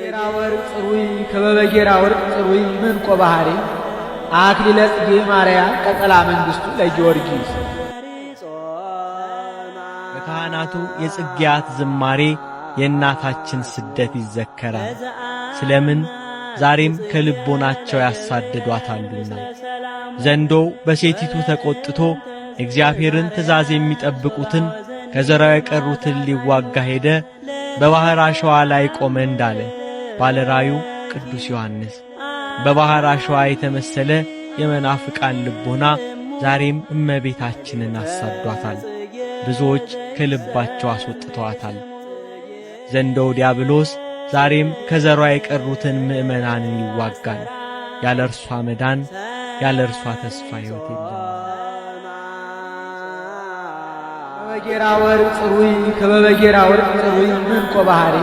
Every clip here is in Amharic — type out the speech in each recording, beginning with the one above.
ጌራ ወርቅ ጽሩይ ከበበ ጌራ ወርቅ ጽሩይ ምንቆ ባህሪ አክሊለ ጽጌ ማርያም ቀጠላ መንግሥቱ ለጊዮርጊስ በካህናቱ የጽጌያት ዝማሬ የእናታችን ስደት ይዘከራል። ስለምን ዛሬም ከልቦናቸው ያሳድዷታሉና ዘንዶው በሴቲቱ ተቆጥቶ እግዚአብሔርን ትእዛዝ የሚጠብቁትን ከዘራው የቀሩትን ሊዋጋ ሄደ። በባሕር አሸዋ ላይ ቆመ እንዳለ ባለራዩ ቅዱስ ዮሐንስ በባሕር አሸዋ የተመሰለ የመናፍቃን ልቦና ዛሬም እመቤታችንን አሳዷታል። ብዙዎች ከልባቸው አስወጥተዋታል። ዘንዶው ዲያብሎስ ዛሬም ከዘሯ የቀሩትን ምእመናንን ይዋጋል። ያለ እርሷ መዳን፣ ያለ እርሷ ተስፋ ሕይወት የለም። ከበጌራ ወርቅ ጽሩይ ከበበጌራ ወርቅ ጽሩይ ምንቆ ባህሪ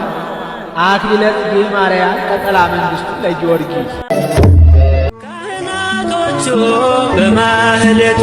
አክሊለ ጽጌ ማርያም ቀጠላ መንግሥቱ ለጊዮርጊስ ካህናቶቹ በማህሌቱ